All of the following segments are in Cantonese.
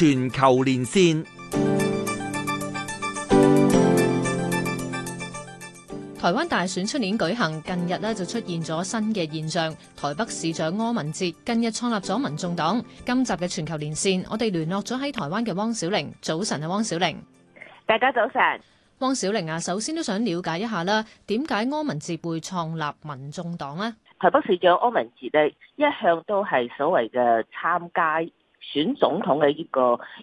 全球連線，台灣大選出年舉行，近日呢就出現咗新嘅現象。台北市長柯文哲近日創立咗民眾黨。今集嘅全球連線，我哋聯絡咗喺台灣嘅汪小玲。早晨啊，汪小玲，大家早晨。汪小玲啊，首先都想了解一下啦，點解柯文哲會創立民眾黨呢？台北市長柯文哲呢，一向都係所謂嘅參加。選總統嘅呢個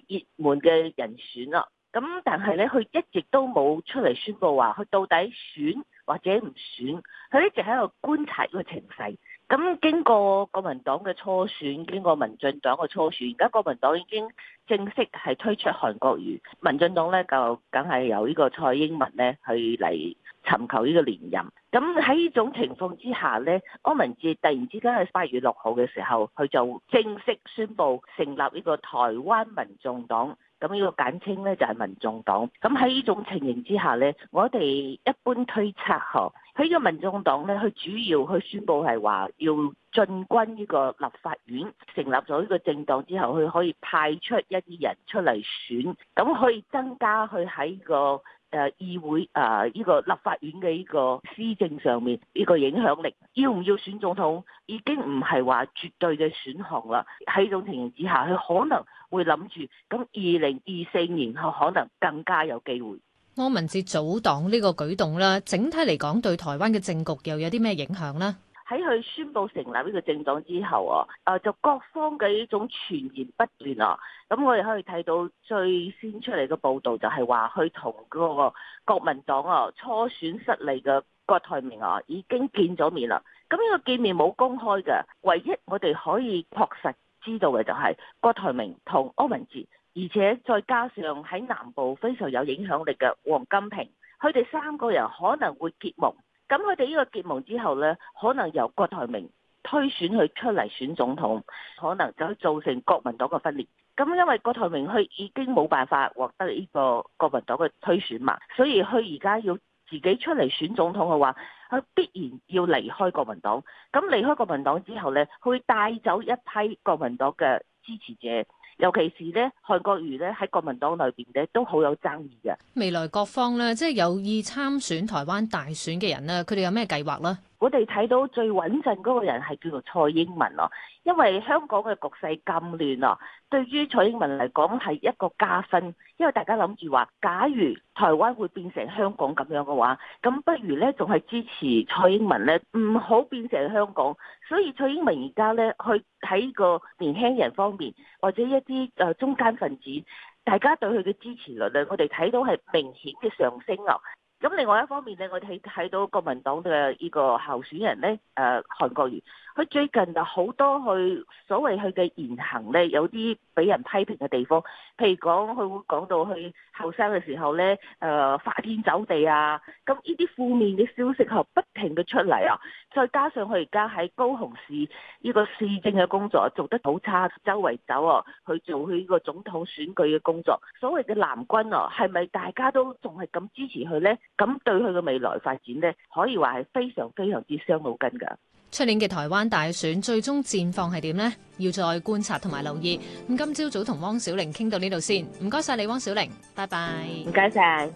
熱門嘅人選啦，咁但係咧，佢一直都冇出嚟宣布話，佢到底選或者唔選，佢一直喺度觀察呢個情勢。咁經過國民黨嘅初選，經過民進黨嘅初選，而家國民黨已經正式係推出韓國瑜。民進黨咧就梗係由呢個蔡英文咧去嚟尋求呢個連任。咁喺呢種情況之下咧，柯文哲突然之間喺八月六號嘅時候，佢就正式宣布成立呢個台灣民眾黨。咁呢個簡稱咧就係民眾黨。咁喺呢種情形之下咧，我哋一般推測呵。喺個民眾黨咧，佢主要去宣佈係話要進軍呢個立法院，成立咗呢個政黨之後，佢可以派出一啲人出嚟選，咁可以增加佢喺個誒議會啊呢個立法院嘅呢個施政上面呢個影響力。要唔要選總統已經唔係話絕對嘅選項啦。喺呢種情形之下，佢可能會諗住，咁二零二四年後可能更加有機會。柯文哲組黨呢個舉動啦，整體嚟講對台灣嘅政局又有啲咩影響呢？喺佢宣布成立呢個政黨之後啊，誒就各方嘅呢種傳言不斷啊。咁我哋可以睇到最先出嚟嘅報導就係話，佢同嗰個國民黨啊初選失利嘅郭台銘啊已經見咗面啦。咁呢個見面冇公開嘅，唯一我哋可以確實知道嘅就係郭台銘同柯文哲。而且再加上喺南部非常有影響力嘅王金平，佢哋三個人可能會結盟。咁佢哋呢個結盟之後咧，可能由郭台銘推選佢出嚟選總統，可能就會造成國民黨嘅分裂。咁因為郭台銘佢已經冇辦法獲得呢個國民黨嘅推選嘛，所以佢而家要自己出嚟選總統嘅話，佢必然要離開國民黨。咁離開國民黨之後咧，佢帶走一批國民黨嘅支持者。尤其是咧，韓國瑜咧喺國民黨裏邊咧都好有爭議嘅。未來各方咧，即係有意參選台灣大選嘅人咧，佢哋有咩計劃呢？我哋睇到最穩陣嗰個人係叫做蔡英文咯，因為香港嘅局勢咁亂啊，對於蔡英文嚟講係一個加分，因為大家諗住話，假如台灣會變成香港咁樣嘅話，咁不如咧仲係支持蔡英文咧，唔好變成香港。所以蔡英文而家咧，佢喺個年輕人方面或者一啲誒中間分子，大家對佢嘅支持率咧，我哋睇到係明顯嘅上升啊。咁另外一方面咧，我哋睇睇到國民黨嘅呢個候選人咧，誒、呃、韓國瑜，佢最近就好多佢所謂佢嘅言行咧，有啲俾人批評嘅地方，譬如講佢會講到佢後生嘅時候咧，誒、呃、發天走地啊，咁呢啲負面嘅消息後不停嘅出嚟啊，再加上佢而家喺高雄市呢個市政嘅工作、啊、做得好差，周圍走去、啊、做佢呢個總統選舉嘅工作，所謂嘅藍軍啊，係咪大家都仲係咁支持佢咧？咁對佢嘅未來發展呢，可以話係非常非常之傷腦筋噶。出年嘅台灣大選最終戰況係點呢？要再觀察同埋留意。咁今朝早同汪小玲傾到呢度先，唔該晒你，汪小玲，拜拜。唔該晒。